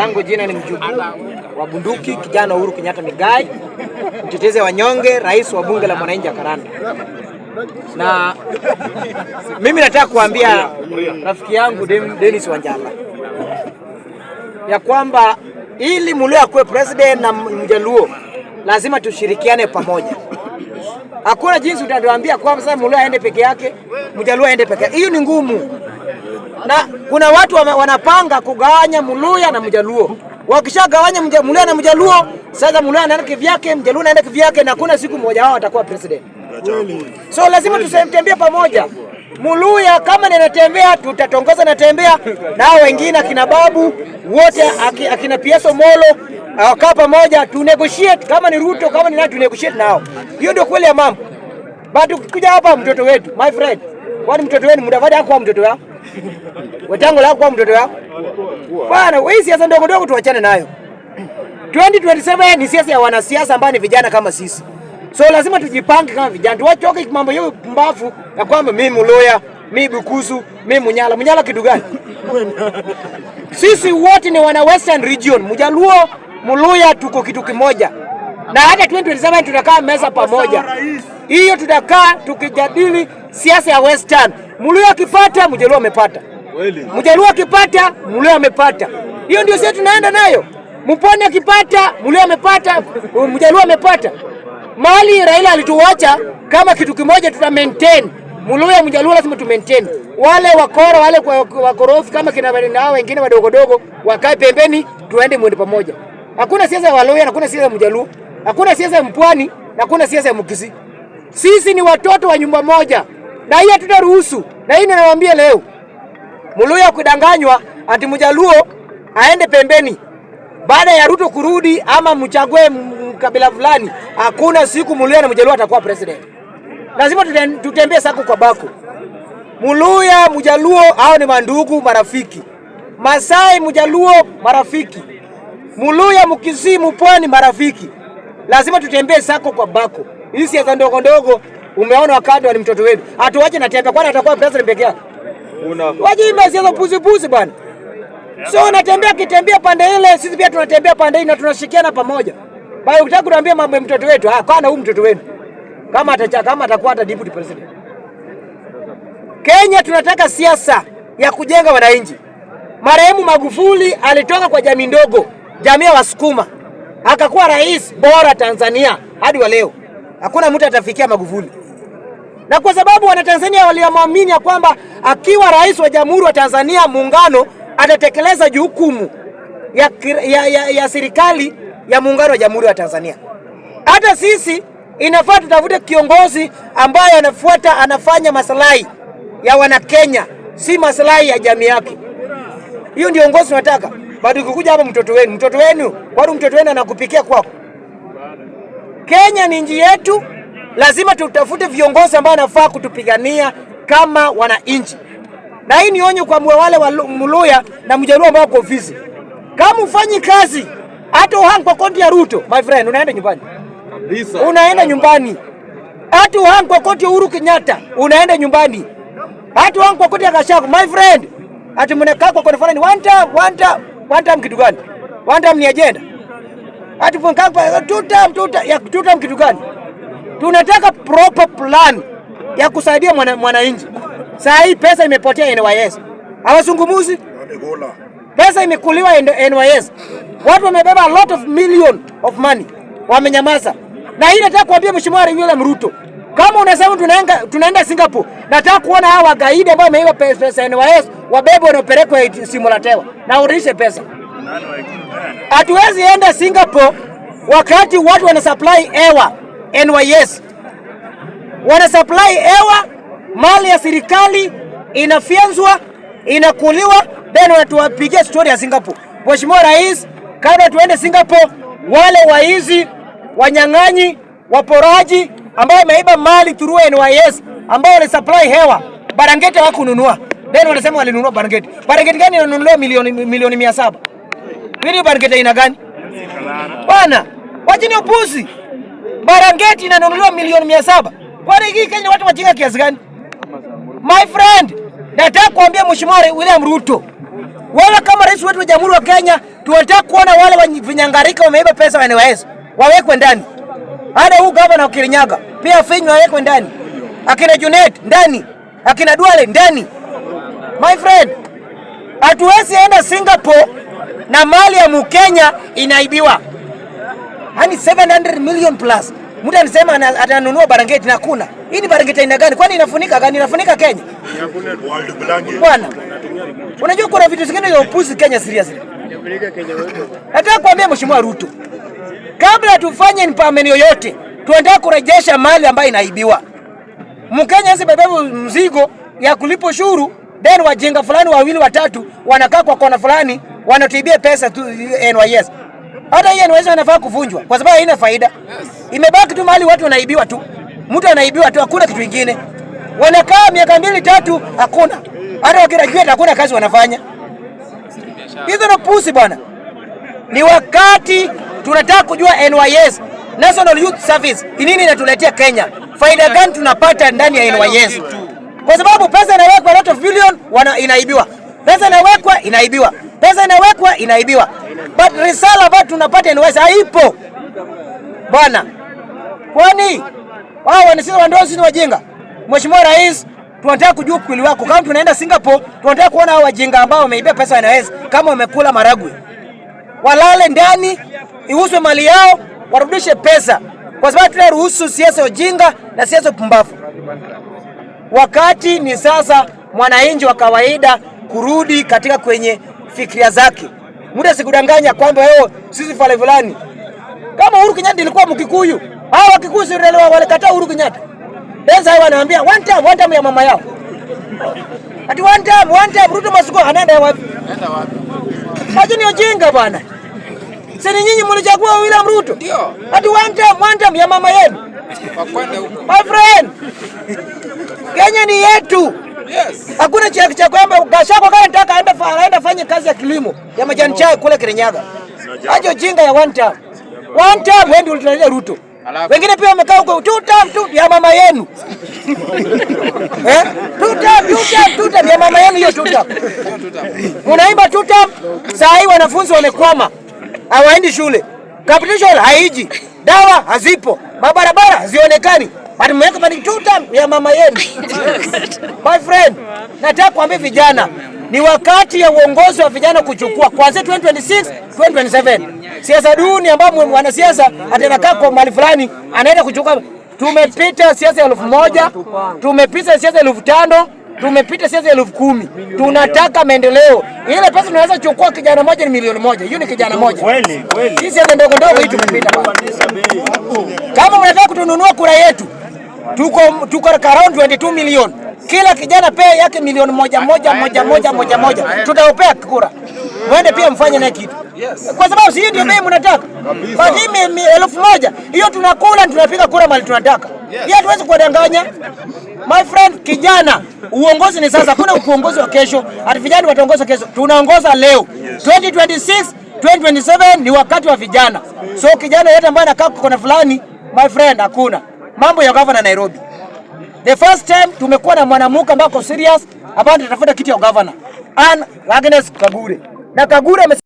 langu jina ni mjukuu wa bunduki kijana Uhuru Kenyatta Migai, mtetezi wanyonge, rais wa bunge la mwananchi wa Karanda. Na mimi nataka kuambia rafiki yangu Dennis Wanjala ya kwamba ili mulio akuwe president na mjaluo lazima tushirikiane pamoja. Hakuna jinsi utatuambia kwamba sasa Muluya aende peke yake, mjaluo aende peke yake, hiyo ni ngumu na kuna watu wanapanga kugawanya Muluya na Mjaluo. Wakishagawanya Muluya na Mjaluo, sasa Mluya anaenda kivyake, Mjaluo anaenda kivyake, na kuna siku mmoja wao atakuwa president. So lazima tusemtembea pamoja. Muluya kama ninatembea, tutatongoza natembea nao, wengine akina babu wote, akina Pieso Molo awakaa uh, pamoja, tunegotiate kama ni Ruto, kama ni nani, tunegotiate nao. Hiyo ndio kweli ya mambo. Bado kuja hapa, mtoto wetu my friend, kwani mtoto wenu Mudavadi hakuwa mtoto wao? Wetango lako kwa mtoto wako bwana. Wewe siasa ndogo ndogo tuachane nayo. 2027 ni siasa ya wanasiasa ambao ni vijana kama sisi, so lazima tujipange kama vijana, tuwachoke mambo hiyo mbavu ya kwamba mimi Mluya, mimi Bukusu, mimi Munyala. Munyala kitu gani? Sisi wote ni wana Western region, Mjaluo, Mluya, tuko kitu kimoja, na hata 2027 tutakaa meza pamoja, hiyo tutakaa tukijadili siasa ya Western Mluo akipata Mjaluo amepata, Mjaluo akipata Mluo amepata. Hiyo ndio sisi tunaenda nayo. Mponi akipata Mluo amepata, Mjaluo amepata. Mali Raila alituacha kama kitu kimoja, tuta maintain Mluo, Mjaluo lazima tu maintain. Wale wakora wale kwa wakorofi kama kina na wengine wadogodogo wakae pembeni, tuende mwende pamoja. Hakuna siasa ya Waloya, hakuna siasa ya Mjaluo, hakuna siasa ya Mpwani, hakuna siasa ya Mkisii. Sisi ni watoto wa nyumba moja na hii hatutaruhusu, na hii ninawaambia leo, Muluya kudanganywa ati Mjaluo aende pembeni baada ya Ruto kurudi ama mchague mkabila fulani. Hakuna siku Muluya na Mjaluo atakuwa president. Lazima tutembee sako kwa bako. Muluya Mjaluo hao ni mandugu, marafiki. Masai Mjaluo marafiki. Muluya Mkisii Mpwani marafiki. Lazima tutembee sako kwa bako. Hii siasa ndogo ndogo Umeona wakati wali mtoto wetu, atuache na tembe, kwani atakuwa president peke yake? Wajima puzi puzi bwana. So unatembea kitembea pande ile, sisi pia tunatembea pande ile na tunashikiana pamoja. Bali ukitaka kuniambia mambo ya mtoto wetu, ah, kwani huyu mtoto wenu. Kama atacha kama atakuwa hata deputy president. Kenya tunataka siasa ya kujenga wananchi. Marehemu Magufuli alitoka kwa jamii ndogo, jamii ya Wasukuma. Akakuwa rais bora Tanzania hadi wa leo. Hakuna mtu atafikia Magufuli na kwa sababu Wanatanzania waliamwamini ya kwamba akiwa rais wa Jamhuri wa Tanzania Muungano atatekeleza jukumu ya, ya, ya, ya serikali ya muungano wa Jamhuri wa Tanzania. Hata sisi inafaa tutafute kiongozi ambaye anafuata anafanya maslahi ya Wanakenya, si maslahi ya jamii yake. Hiyo ndio uongozi tunataka. Bado ukikuja hapa, mtoto wenu mtoto wenu bado mtoto wenu anakupikia kwako. Kenya ni nchi yetu lazima tutafute viongozi ambao wanafaa kutupigania kama wananchi, na hii ni onyo kwa wale wa Mluya na Mjaruo ambao wako ofisi. Kama ufanyi kazi hata uhang kwa koti ya Ruto, my friend, unaenda nyumbani kabisa, unaenda nyumbani. Hata uhang kwa koti ya Uhuru Kenyatta, unaenda nyumbani. Hata uhang kwa koti ya Gachagua, my friend, ati mnakaa kwa konfana fulani, one time, one time, one time kitu gani? One time ni agenda. Ati mnakaa kwa two time, two time, ya two time kitu gani? Tunataka proper plan ya kusaidia mwananchi. Saa hii pesa imepotea NYS, hawazungumuzi pesa imekuliwa NYS. Watu wamebeba a lot of million of money, wamenyamaza. Na hii nataka kuambia Mheshimiwa William Ruto, kama unasema tunaenda, tunaenda Singapore, nataka kuona hawa wagaidi ambao wameiba pesa NYS wabebe wanapelekwa simulatewa na urudishe pesa. Hatuwezi enda Singapore wakati watu wana supply ewa NYS wana supply hewa, mali ya serikali inafyanzwa, inakuliwa, then wanatuwapigia story ya Singapore. Mheshimiwa Rais, kabla tuende Singapore, wale waizi, wanyang'anyi, waporaji ambao wameiba mali through NYS ambao wale supply hewa, barangeti hawakununua, then wanasema walinunua Barangete. Barangete gani inanunuliwa milioni milioni 700? saba? Hili barangeti aina gani bwana? wajini upuzi. Marangeti inanunuliwa milioni mia saba. Kwani hii Kenya watu wajinga kiasi gani? My friend, nataka kuambia Mheshimiwa William Ruto, wala kama rais wetu wa Jamhuri ya Kenya, tunataka kuona wale vinyangarika wameiba pesa wa NYS wawekwe ndani. Hata huu gavana wa Kirinyaga pia finywe wawekwe ndani. Akina Junet ndani, akina Duale ndani. My friend, hatuwezi enda Singapore na mali ya Mkenya inaibiwa yani 700 million plus. Mtu anasema atanunua barangeti na kuna. Hii ni barangeti aina gani? Kwani inafunika gani? Inafunika Kenya. Bwana. Unajua kuna vitu zingine vya upuzi Kenya seriously. Nataka kuambia Mheshimiwa Ruto. Kabla tufanye empowerment yoyote, tuendelee kurejesha mali ambayo inaibiwa. Mkenya asibebe mzigo ya kulipo shuru, then wajenga fulani wawili watatu wanakaa kwa kona fulani wanatuibia pesa tu eh, eh, NYS. Hata hiyo inaweza inafaa kuvunjwa kwa sababu haina faida. Imebaki tu mahali watu wanaibiwa tu, mtu anaibiwa tu, hakuna kitu kingine. Wanakaa miaka mbili tatu, hakuna hata wakigraduate, hakuna kazi wanafanya. Hizo na pusi bwana. Ni wakati tunataka kujua NYS National Youth Service ni nini inatuletea Kenya, faida gani tunapata ndani ya NYS? Kwa sababu pesa inawekwa lot of billion wana, inaibiwa pesa inawekwa inaibiwa pesa inawekwa inaibiwa but risala ambayo tunapata NYS haipo bwana. Kwani wao ni sisi wandoa, sisi wajinga? Mheshimiwa Rais, tunataka kujua ukweli wako. Kama tunaenda Singapore, tunataka kuona hao wajinga ambao wameiba pesa ya NYS kama wamekula maragwe, walale ndani, iuswe mali yao, warudishe pesa, kwa sababu tunaruhusu siasa ujinga na siasa pumbavu. Wakati ni sasa mwananchi wa kawaida kurudi katika kwenye fikiria zake. Mtu asikudanganya kwamba wewe sisi fale fulani. Kama Uhuru Kenyatta ilikuwa Mkikuyu, hao Wakikuyu si wale walikataa Uhuru Kenyatta. Sasa hawa anaambia one time, one time ya mama yao. Ati one time, one time Ruto Masuko anaenda wapi? Anaenda wapi? Haji ni ujinga bwana. Sasa nyinyi mlichagua William Ruto. Ndio. Ati one time, one time ya mama yenu. Wakwenda huko. My friend, Kenya ni yetu. Hakuna yes, cha cha kwamba Gachagua kama nataka aende aende fanye kazi ya kilimo ya majani chai kule Kirinyaga. Aje jinga ya one time. One time wewe ndio Ruto. Wengine pia wamekaa huko two time tu ya mama yenu. Eh? Two time, two time, two ya mama yenu hiyo two time. Unaimba two time. saa hii wanafunzi wamekwama. Hawaendi shule. Competition haiji. Dawa hazipo. Mabarabara hazionekani. But mweka panic tuta ya mama yenu. My friend, nataka kuambia vijana ni wakati ya uongozi wa vijana kuchukua kuanzia 2026, 2027. Siasa duni ambapo mwanasiasa atakaa kwa mali fulani anaenda kuchukua. Tumepita siasa elfu moja, tumepita siasa elfu tano tumepita siasa elfu kumi. Tunataka maendeleo. Ile pesa tunaweza kuchukua kijana moja ni milioni moja. Hiyo ni kijana moja. Kweli kweli. Hii siasa ndogo ndogo hii tumepita. Kama mnataka kutununua kura yetu tuko tuko around 22 million kila kijana pea yake milioni moja moja moja moja moja moja, tutaopea kura wende pia mfanye naye kitu, yes. kwa sababu si hiyo ndio bei mnataka kwa batimi elfu moja hiyo, tunakula tunapiga kura mali tunataka hiyo, hatuwezi kuwadanganya my friend. Kijana, uongozi ni sasa, kuna uongozi wa kesho, hata vijana wataongoza kesho. Tunaongoza leo yes. 2026 2027 ni wakati wa vijana, so kijana yote ambaye anakaa kona fulani, my friend, hakuna mambo ya gavana Nairobi. The first time tumekuwa na mwanamke ambaye ako serious ambaye anatafuta kiti ya governor. An Agnes Kagure. Na Kagure